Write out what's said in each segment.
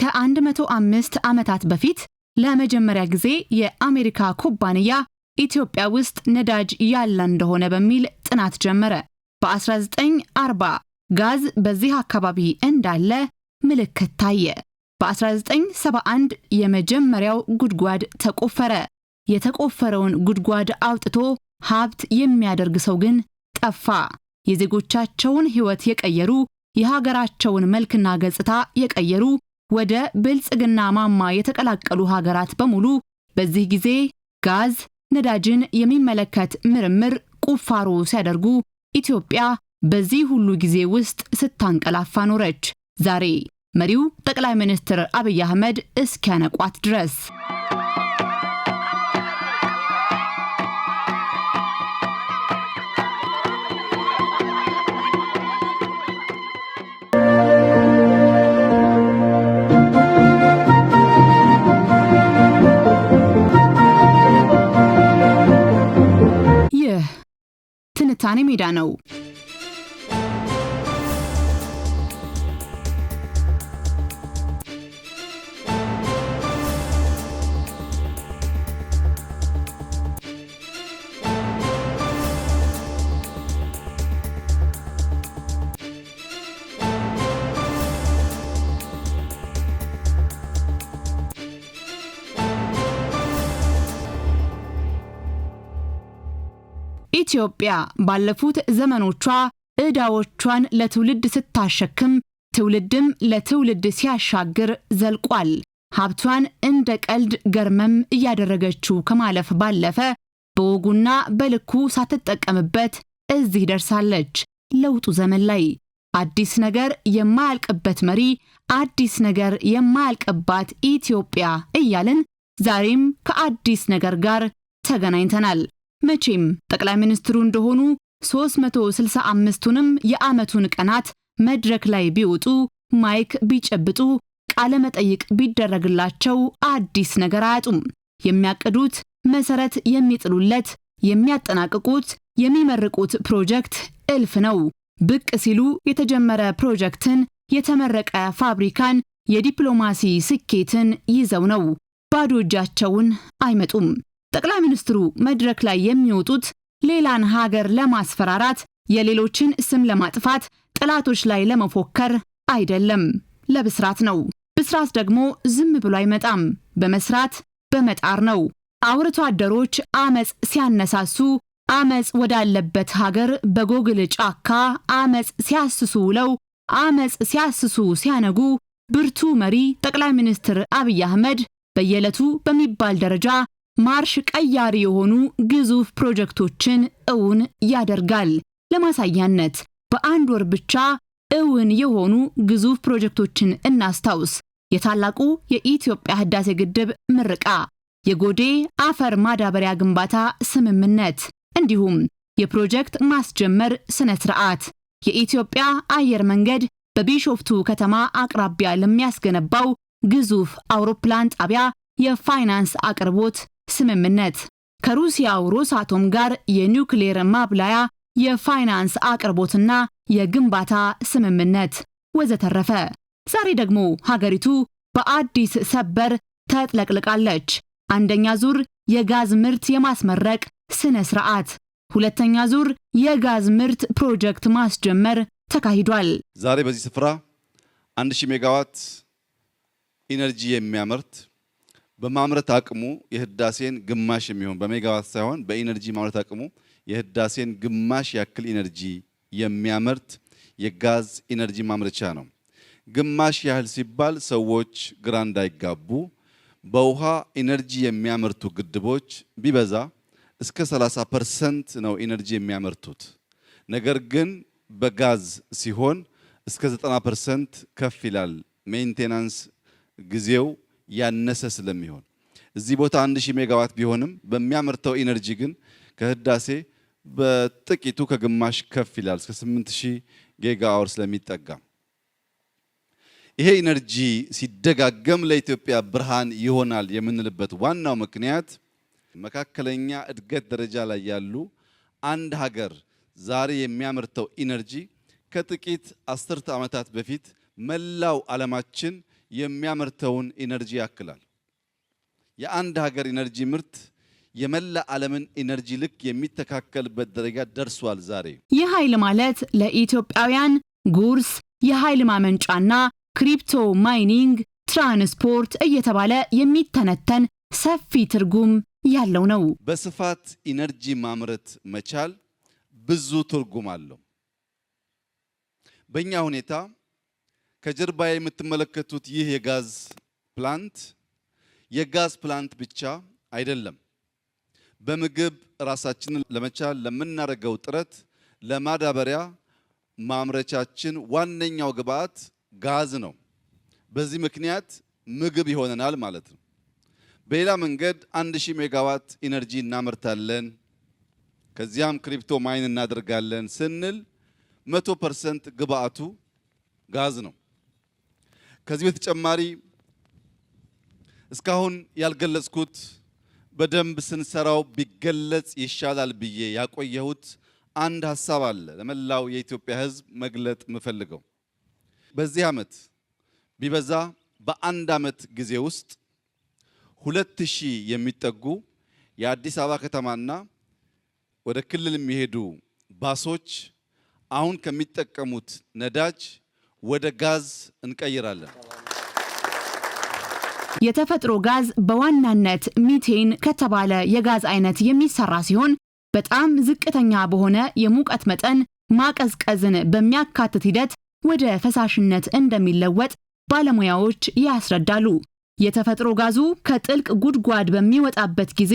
ከ105 ዓመታት በፊት ለመጀመሪያ ጊዜ የአሜሪካ ኩባንያ ኢትዮጵያ ውስጥ ነዳጅ ያለ እንደሆነ በሚል ጥናት ጀመረ። በ1940 ጋዝ በዚህ አካባቢ እንዳለ ምልክት ታየ። በ1971 የመጀመሪያው ጉድጓድ ተቆፈረ። የተቆፈረውን ጉድጓድ አውጥቶ ሀብት የሚያደርግ ሰው ግን ጠፋ። የዜጎቻቸውን ሕይወት የቀየሩ የሀገራቸውን መልክና ገጽታ የቀየሩ ወደ ብልጽግና ማማ የተቀላቀሉ ሀገራት በሙሉ በዚህ ጊዜ ጋዝ፣ ነዳጅን የሚመለከት ምርምር ቁፋሮ ሲያደርጉ ኢትዮጵያ በዚህ ሁሉ ጊዜ ውስጥ ስታንቀላፋ ኖረች። ዛሬ መሪው ጠቅላይ ሚኒስትር አብይ አህመድ እስኪያነቋት ድረስ ትንታኔ ሜዳ ነው። ኢትዮጵያ ባለፉት ዘመኖቿ ዕዳዎቿን ለትውልድ ስታሸክም ትውልድም ለትውልድ ሲያሻግር ዘልቋል። ሀብቷን እንደ ቀልድ ገርመም እያደረገችው ከማለፍ ባለፈ በወጉና በልኩ ሳትጠቀምበት እዚህ ደርሳለች። ለውጡ ዘመን ላይ አዲስ ነገር የማያልቅበት መሪ፣ አዲስ ነገር የማያልቅባት ኢትዮጵያ እያልን ዛሬም ከአዲስ ነገር ጋር ተገናኝተናል። መቼም ጠቅላይ ሚኒስትሩ እንደሆኑ 365ቱንም የዓመቱን ቀናት መድረክ ላይ ቢወጡ ማይክ ቢጨብጡ ቃለ መጠይቅ ቢደረግላቸው አዲስ ነገር አያጡም። የሚያቅዱት መሰረት የሚጥሉለት፣ የሚያጠናቅቁት፣ የሚመርቁት ፕሮጀክት እልፍ ነው። ብቅ ሲሉ የተጀመረ ፕሮጀክትን፣ የተመረቀ ፋብሪካን፣ የዲፕሎማሲ ስኬትን ይዘው ነው። ባዶ እጃቸውን አይመጡም። ጠቅላይ ሚኒስትሩ መድረክ ላይ የሚወጡት ሌላን ሀገር ለማስፈራራት፣ የሌሎችን ስም ለማጥፋት፣ ጠላቶች ላይ ለመፎከር አይደለም፣ ለብስራት ነው። ብስራት ደግሞ ዝም ብሎ አይመጣም፣ በመስራት በመጣር ነው። አውርቶ አደሮች አመፅ ሲያነሳሱ አመፅ ወዳለበት ሀገር በጎግል ጫካ አመፅ ሲያስሱ ውለው አመፅ ሲያስሱ ሲያነጉ ብርቱ መሪ ጠቅላይ ሚኒስትር አብይ አህመድ በየዕለቱ በሚባል ደረጃ ማርሽ ቀያሪ የሆኑ ግዙፍ ፕሮጀክቶችን እውን ያደርጋል። ለማሳያነት በአንድ ወር ብቻ እውን የሆኑ ግዙፍ ፕሮጀክቶችን እናስታውስ። የታላቁ የኢትዮጵያ ህዳሴ ግድብ ምርቃ የጎዴ አፈር ማዳበሪያ ግንባታ ስምምነት፣ እንዲሁም የፕሮጀክት ማስጀመር ስነ ስርዓት የኢትዮጵያ አየር መንገድ በቢሾፍቱ ከተማ አቅራቢያ ለሚያስገነባው ግዙፍ አውሮፕላን ጣቢያ የፋይናንስ አቅርቦት ስምምነት ከሩሲያው ሮሳቶም ጋር የኒውክሌር ማብላያ፣ የፋይናንስ አቅርቦትና የግንባታ ስምምነት ወዘተረፈ። ዛሬ ደግሞ ሀገሪቱ በአዲስ ሰበር ተጥለቅልቃለች። አንደኛ ዙር የጋዝ ምርት የማስመረቅ ስነ ስርዓት፣ ሁለተኛ ዙር የጋዝ ምርት ፕሮጀክት ማስጀመር ተካሂዷል። ዛሬ በዚህ ስፍራ 1000 ሜጋዋት ኢነርጂ የሚያመርት በማምረት አቅሙ የህዳሴን ግማሽ የሚሆን በሜጋዋት ሳይሆን በኢነርጂ ማምረት አቅሙ የህዳሴን ግማሽ ያክል ኢነርጂ የሚያመርት የጋዝ ኢነርጂ ማምረቻ ነው። ግማሽ ያህል ሲባል ሰዎች ግራ እንዳይጋቡ በውሃ ኢነርጂ የሚያመርቱ ግድቦች ቢበዛ እስከ 30 ፐርሰንት ነው ኢነርጂ የሚያመርቱት። ነገር ግን በጋዝ ሲሆን እስከ 90 ፐርሰንት ከፍ ይላል። ሜንቴናንስ ጊዜው ያነሰ ስለሚሆን እዚህ ቦታ 1000 ሜጋዋት ቢሆንም በሚያመርተው ኢነርጂ ግን ከህዳሴ በጥቂቱ ከግማሽ ከፍ ይላል እስከ 8000 ጊጋ አወር ስለሚጠጋ ይሄ ኢነርጂ ሲደጋገም ለኢትዮጵያ ብርሃን ይሆናል የምንልበት ዋናው ምክንያት መካከለኛ እድገት ደረጃ ላይ ያሉ አንድ ሀገር ዛሬ የሚያመርተው ኢነርጂ ከጥቂት አስርተ ዓመታት በፊት መላው ዓለማችን የሚያመርተውን ኢነርጂ ያክላል። የአንድ ሀገር ኢነርጂ ምርት የመላ ዓለምን ኢነርጂ ልክ የሚተካከልበት ደረጃ ደርሷል። ዛሬ ይህ ኃይል ማለት ለኢትዮጵያውያን ጉርስ፣ የኃይል ማመንጫና ክሪፕቶ ማይኒንግ፣ ትራንስፖርት እየተባለ የሚተነተን ሰፊ ትርጉም ያለው ነው። በስፋት ኢነርጂ ማምረት መቻል ብዙ ትርጉም አለው። በእኛ ሁኔታ ከጀርባ የምትመለከቱት ይህ የጋዝ ፕላንት የጋዝ ፕላንት ብቻ አይደለም። በምግብ ራሳችንን ለመቻል ለምናደርገው ጥረት ለማዳበሪያ ማምረቻችን ዋነኛው ግብዓት ጋዝ ነው። በዚህ ምክንያት ምግብ ይሆነናል ማለት ነው። በሌላ መንገድ 1000 ሜጋዋት ኢነርጂ እናመርታለን፣ ከዚያም ክሪፕቶ ማይን እናደርጋለን ስንል 100% ግብአቱ ጋዝ ነው። ከዚህ በተጨማሪ እስካሁን ያልገለጽኩት በደንብ ስንሰራው ቢገለጽ ይሻላል ብዬ ያቆየሁት አንድ ሀሳብ አለ ለመላው የኢትዮጵያ ሕዝብ መግለጥ የምፈልገው በዚህ ዓመት ቢበዛ በአንድ ዓመት ጊዜ ውስጥ ሁለት ሺህ የሚጠጉ የአዲስ አበባ ከተማና ወደ ክልል የሚሄዱ ባሶች አሁን ከሚጠቀሙት ነዳጅ ወደ ጋዝ እንቀይራለን። የተፈጥሮ ጋዝ በዋናነት ሚቴን ከተባለ የጋዝ አይነት የሚሰራ ሲሆን በጣም ዝቅተኛ በሆነ የሙቀት መጠን ማቀዝቀዝን በሚያካትት ሂደት ወደ ፈሳሽነት እንደሚለወጥ ባለሙያዎች ያስረዳሉ። የተፈጥሮ ጋዙ ከጥልቅ ጉድጓድ በሚወጣበት ጊዜ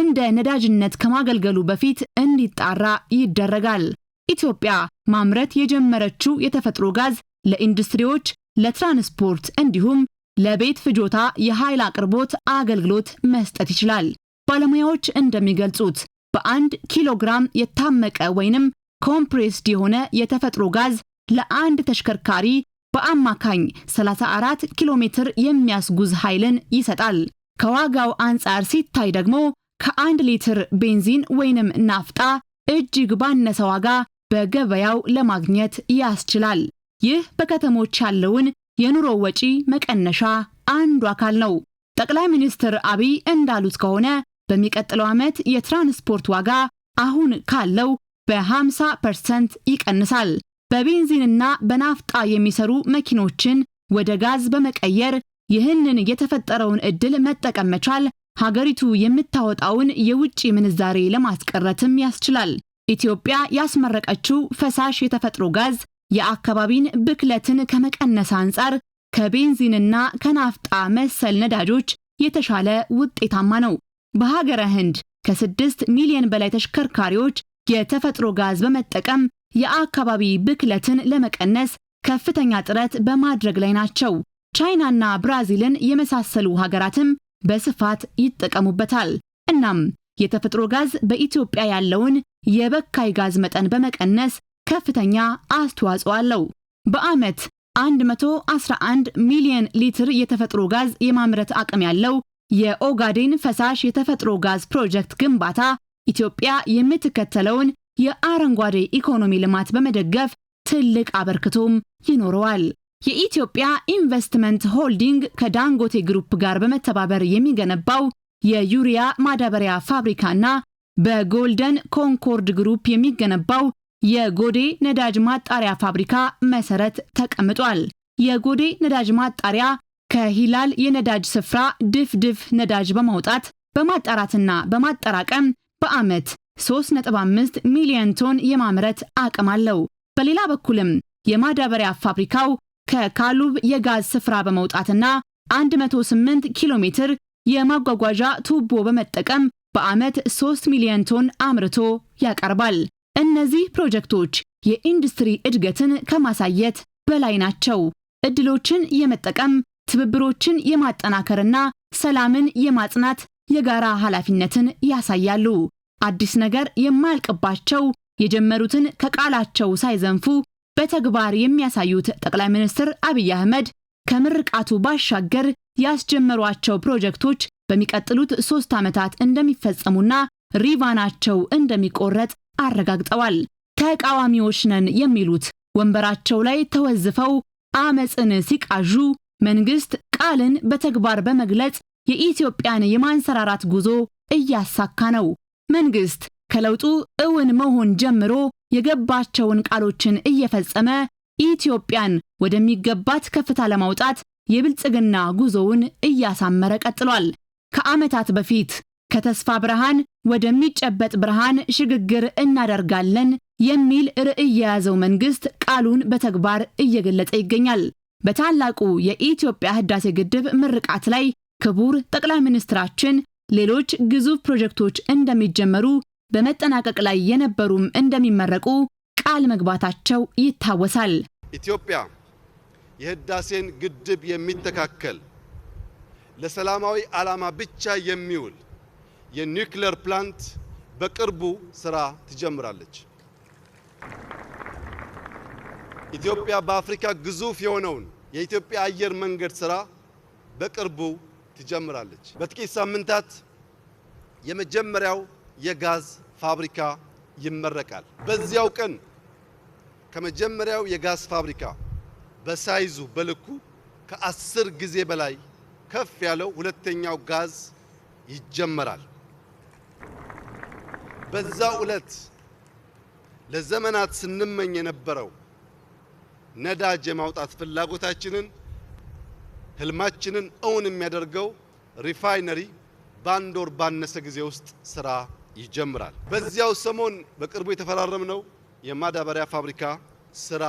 እንደ ነዳጅነት ከማገልገሉ በፊት እንዲጣራ ይደረጋል። ኢትዮጵያ ማምረት የጀመረችው የተፈጥሮ ጋዝ ለኢንዱስትሪዎች፣ ለትራንስፖርት እንዲሁም ለቤት ፍጆታ የኃይል አቅርቦት አገልግሎት መስጠት ይችላል። ባለሙያዎች እንደሚገልጹት በአንድ ኪሎግራም የታመቀ ወይንም ኮምፕሬስድ የሆነ የተፈጥሮ ጋዝ ለአንድ ተሽከርካሪ በአማካኝ 34 ኪሎ ሜትር የሚያስጉዝ ኃይልን ይሰጣል። ከዋጋው አንጻር ሲታይ ደግሞ ከአንድ ሊትር ቤንዚን ወይንም ናፍጣ እጅግ ባነሰ ዋጋ በገበያው ለማግኘት ያስችላል። ይህ በከተሞች ያለውን የኑሮ ወጪ መቀነሻ አንዱ አካል ነው። ጠቅላይ ሚኒስትር አብይ እንዳሉት ከሆነ በሚቀጥለው ዓመት የትራንስፖርት ዋጋ አሁን ካለው በ50 ፐርሰንት ይቀንሳል። በቤንዚንና በናፍጣ የሚሰሩ መኪኖችን ወደ ጋዝ በመቀየር ይህንን የተፈጠረውን ዕድል መጠቀም መቻል ሀገሪቱ የምታወጣውን የውጭ ምንዛሬ ለማስቀረትም ያስችላል። ኢትዮጵያ ያስመረቀችው ፈሳሽ የተፈጥሮ ጋዝ የአካባቢን ብክለትን ከመቀነስ አንጻር ከቤንዚንና ከናፍጣ መሰል ነዳጆች የተሻለ ውጤታማ ነው። በሀገረ ህንድ ከስድስት ሚሊዮን በላይ ተሽከርካሪዎች የተፈጥሮ ጋዝ በመጠቀም የአካባቢ ብክለትን ለመቀነስ ከፍተኛ ጥረት በማድረግ ላይ ናቸው። ቻይናና ብራዚልን የመሳሰሉ ሀገራትም በስፋት ይጠቀሙበታል። እናም የተፈጥሮ ጋዝ በኢትዮጵያ ያለውን የበካይ ጋዝ መጠን በመቀነስ ከፍተኛ አስተዋጽኦ አለው። በዓመት 111 ሚሊዮን ሊትር የተፈጥሮ ጋዝ የማምረት አቅም ያለው የኦጋዴን ፈሳሽ የተፈጥሮ ጋዝ ፕሮጀክት ግንባታ ኢትዮጵያ የምትከተለውን የአረንጓዴ ኢኮኖሚ ልማት በመደገፍ ትልቅ አበርክቶም ይኖረዋል። የኢትዮጵያ ኢንቨስትመንት ሆልዲንግ ከዳንጎቴ ግሩፕ ጋር በመተባበር የሚገነባው የዩሪያ ማዳበሪያ ፋብሪካና በጎልደን ኮንኮርድ ግሩፕ የሚገነባው የጎዴ ነዳጅ ማጣሪያ ፋብሪካ መሰረት ተቀምጧል። የጎዴ ነዳጅ ማጣሪያ ከሂላል የነዳጅ ስፍራ ድፍድፍ ነዳጅ በማውጣት በማጣራትና በማጠራቀም በዓመት 3.5 ሚሊዮን ቶን የማምረት አቅም አለው። በሌላ በኩልም የማዳበሪያ ፋብሪካው ከካሉብ የጋዝ ስፍራ በመውጣትና 108 ኪሎ ሜትር የማጓጓዣ ቱቦ በመጠቀም በዓመት 3 ሚሊዮን ቶን አምርቶ ያቀርባል። እነዚህ ፕሮጀክቶች የኢንዱስትሪ እድገትን ከማሳየት በላይ ናቸው። እድሎችን የመጠቀም ትብብሮችን የማጠናከርና ሰላምን የማጽናት የጋራ ኃላፊነትን ያሳያሉ። አዲስ ነገር የማያልቅባቸው የጀመሩትን ከቃላቸው ሳይዘንፉ በተግባር የሚያሳዩት ጠቅላይ ሚኒስትር አብይ አህመድ ከምርቃቱ ባሻገር ያስጀመሯቸው ፕሮጀክቶች በሚቀጥሉት ሶስት ዓመታት እንደሚፈጸሙና ሪቫናቸው እንደሚቆረጥ አረጋግጠዋል። ተቃዋሚዎች ነን የሚሉት ወንበራቸው ላይ ተወዝፈው አመፅን ሲቃዡ መንግስት ቃልን በተግባር በመግለጽ የኢትዮጵያን የማንሰራራት ጉዞ እያሳካ ነው። መንግስት ከለውጡ እውን መሆን ጀምሮ የገባቸውን ቃሎችን እየፈጸመ ኢትዮጵያን ወደሚገባት ከፍታ ለማውጣት የብልጽግና ጉዞውን እያሳመረ ቀጥሏል። ከዓመታት በፊት ከተስፋ ብርሃን ወደሚጨበጥ ብርሃን ሽግግር እናደርጋለን የሚል ርዕይ የያዘው መንግስት ቃሉን በተግባር እየገለጸ ይገኛል። በታላቁ የኢትዮጵያ ህዳሴ ግድብ ምርቃት ላይ ክቡር ጠቅላይ ሚኒስትራችን ሌሎች ግዙፍ ፕሮጀክቶች እንደሚጀመሩ በመጠናቀቅ ላይ የነበሩም እንደሚመረቁ ቃል መግባታቸው ይታወሳል። ኢትዮጵያ የህዳሴን ግድብ የሚተካከል ለሰላማዊ ዓላማ ብቻ የሚውል የኒውክሌር ፕላንት በቅርቡ ስራ ትጀምራለች። ኢትዮጵያ በአፍሪካ ግዙፍ የሆነውን የኢትዮጵያ አየር መንገድ ስራ በቅርቡ ትጀምራለች። በጥቂት ሳምንታት የመጀመሪያው የጋዝ ፋብሪካ ይመረቃል። በዚያው ቀን ከመጀመሪያው የጋዝ ፋብሪካ በሳይዙ በልኩ ከአስር ጊዜ በላይ ከፍ ያለው ሁለተኛው ጋዝ ይጀመራል። በዛው ዕለት ለዘመናት ስንመኝ የነበረው ነዳጅ የማውጣት ፍላጎታችንን ህልማችንን እውን የሚያደርገው ሪፋይነሪ በአንድ ወር ባነሰ ጊዜ ውስጥ ስራ ይጀምራል። በዚያው ሰሞን በቅርቡ የተፈራረምነው የማዳበሪያ ፋብሪካ ስራ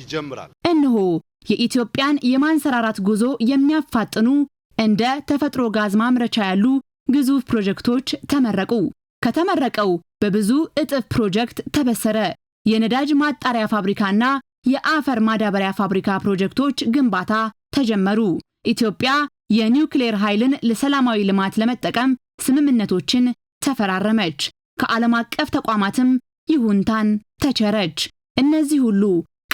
ይጀምራል። እንሆ የኢትዮጵያን የማንሰራራት ጉዞ የሚያፋጥኑ እንደ ተፈጥሮ ጋዝ ማምረቻ ያሉ ግዙፍ ፕሮጀክቶች ተመረቁ። ከተመረቀው በብዙ እጥፍ ፕሮጀክት ተበሰረ። የነዳጅ ማጣሪያ ፋብሪካና የአፈር ማዳበሪያ ፋብሪካ ፕሮጀክቶች ግንባታ ተጀመሩ። ኢትዮጵያ የኒውክሌር ኃይልን ለሰላማዊ ልማት ለመጠቀም ስምምነቶችን ተፈራረመች። ከዓለም አቀፍ ተቋማትም ይሁንታን ተቸረች። እነዚህ ሁሉ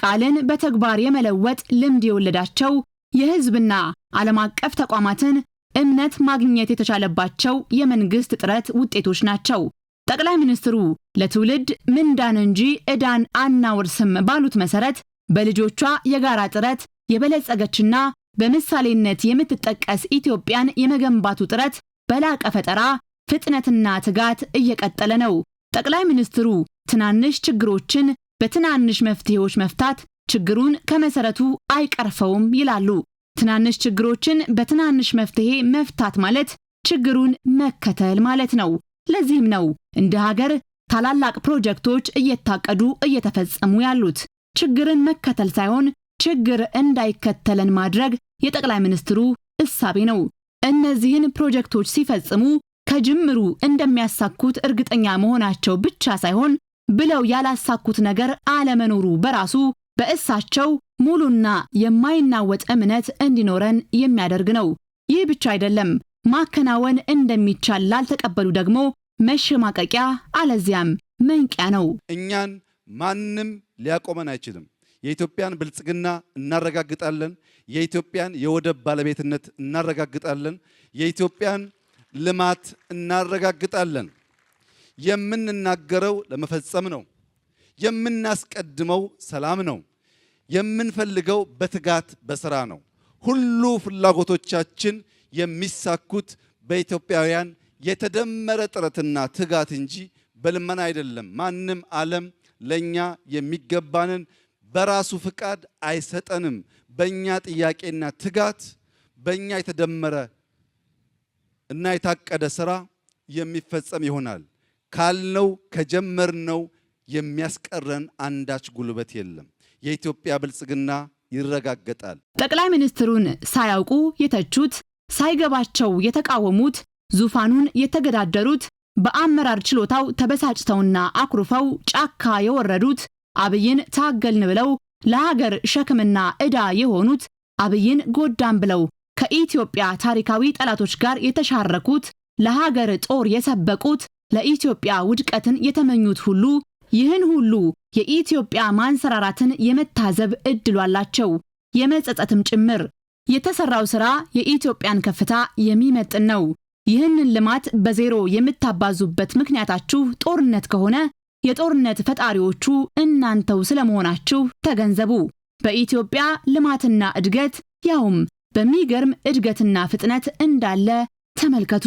ቃልን በተግባር የመለወጥ ልምድ የወለዳቸው የሕዝብና ዓለም አቀፍ ተቋማትን እምነት ማግኘት የተቻለባቸው የመንግስት ጥረት ውጤቶች ናቸው። ጠቅላይ ሚኒስትሩ ለትውልድ ምንዳን እንጂ ዕዳን አናወርስም ባሉት መሰረት በልጆቿ የጋራ ጥረት የበለጸገችና በምሳሌነት የምትጠቀስ ኢትዮጵያን የመገንባቱ ጥረት በላቀ ፈጠራ ፍጥነትና ትጋት እየቀጠለ ነው። ጠቅላይ ሚኒስትሩ ትናንሽ ችግሮችን በትናንሽ መፍትሄዎች መፍታት ችግሩን ከመሰረቱ አይቀርፈውም ይላሉ። ትናንሽ ችግሮችን በትናንሽ መፍትሄ መፍታት ማለት ችግሩን መከተል ማለት ነው። ለዚህም ነው እንደ ሀገር ታላላቅ ፕሮጀክቶች እየታቀዱ እየተፈጸሙ ያሉት። ችግርን መከተል ሳይሆን ችግር እንዳይከተለን ማድረግ የጠቅላይ ሚኒስትሩ እሳቤ ነው። እነዚህን ፕሮጀክቶች ሲፈጽሙ ከጅምሩ እንደሚያሳኩት እርግጠኛ መሆናቸው ብቻ ሳይሆን ብለው ያላሳኩት ነገር አለመኖሩ በራሱ በእሳቸው ሙሉና የማይናወጥ እምነት እንዲኖረን የሚያደርግ ነው። ይህ ብቻ አይደለም፣ ማከናወን እንደሚቻል ላልተቀበሉ ደግሞ መሸማቀቂያ አለዚያም መንቂያ ነው። እኛን ማንም ሊያቆመን አይችልም። የኢትዮጵያን ብልጽግና እናረጋግጣለን። የኢትዮጵያን የወደብ ባለቤትነት እናረጋግጣለን። የኢትዮጵያን ልማት እናረጋግጣለን። የምንናገረው ለመፈጸም ነው። የምናስቀድመው ሰላም ነው። የምንፈልገው በትጋት በስራ ነው። ሁሉ ፍላጎቶቻችን የሚሳኩት በኢትዮጵያውያን የተደመረ ጥረትና ትጋት እንጂ በልመና አይደለም። ማንም ዓለም ለኛ የሚገባንን በራሱ ፍቃድ አይሰጠንም። በእኛ ጥያቄና ትጋት፣ በእኛ የተደመረ እና የታቀደ ስራ የሚፈጸም ይሆናል። ካልነው ከጀመርነው የሚያስቀረን አንዳች ጉልበት የለም። የኢትዮጵያ ብልጽግና ይረጋገጣል። ጠቅላይ ሚኒስትሩን ሳያውቁ የተቹት፣ ሳይገባቸው የተቃወሙት፣ ዙፋኑን የተገዳደሩት፣ በአመራር ችሎታው ተበሳጭተውና አኩርፈው ጫካ የወረዱት፣ አብይን ታገልን ብለው ለሀገር ሸክምና ዕዳ የሆኑት፣ አብይን ጎዳም ብለው ከኢትዮጵያ ታሪካዊ ጠላቶች ጋር የተሻረኩት፣ ለሀገር ጦር የሰበቁት፣ ለኢትዮጵያ ውድቀትን የተመኙት ሁሉ ይህን ሁሉ የኢትዮጵያ ማንሰራራትን የመታዘብ እድሉ አላቸው፣ የመጸጸትም ጭምር። የተሰራው ስራ የኢትዮጵያን ከፍታ የሚመጥን ነው። ይህንን ልማት በዜሮ የምታባዙበት ምክንያታችሁ ጦርነት ከሆነ የጦርነት ፈጣሪዎቹ እናንተው ስለመሆናችሁ ተገንዘቡ። በኢትዮጵያ ልማትና እድገት ያውም በሚገርም እድገትና ፍጥነት እንዳለ ተመልከቱ።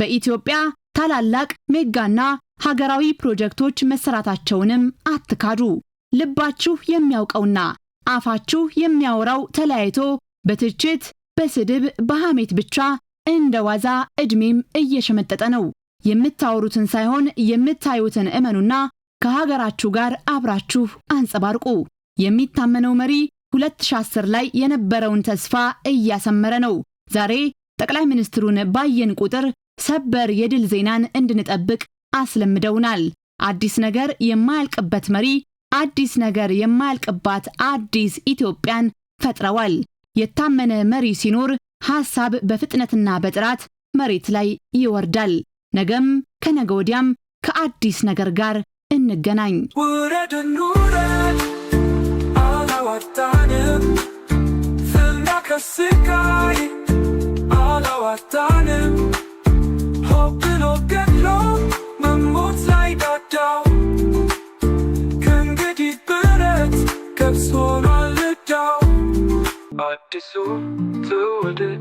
በኢትዮጵያ ታላላቅ ሜጋና ሀገራዊ ፕሮጀክቶች መሰራታቸውንም አትካዱ። ልባችሁ የሚያውቀውና አፋችሁ የሚያወራው ተለያይቶ በትችት በስድብ በሐሜት ብቻ እንደ ዋዛ ዕድሜም እየሸመጠጠ ነው። የምታወሩትን ሳይሆን የምታዩትን እመኑና ከሀገራችሁ ጋር አብራችሁ አንጸባርቁ። የሚታመነው መሪ 2010 ላይ የነበረውን ተስፋ እያሰመረ ነው። ዛሬ ጠቅላይ ሚኒስትሩን ባየን ቁጥር ሰበር የድል ዜናን እንድንጠብቅ አስለምደውናል። አዲስ ነገር የማያልቅበት መሪ፣ አዲስ ነገር የማያልቅባት አዲስ ኢትዮጵያን ፈጥረዋል። የታመነ መሪ ሲኖር ሐሳብ በፍጥነትና በጥራት መሬት ላይ ይወርዳል። ነገም ከነገ ወዲያም ከአዲስ ነገር ጋር እንገናኝ። ውረድ አላዋጣንም። ፍና አላዋጣንም። ብሎ ገድሎ መሞት ላይ ዳዳው ብረት ገብስ ሆኗል አዲሱ ትውልድ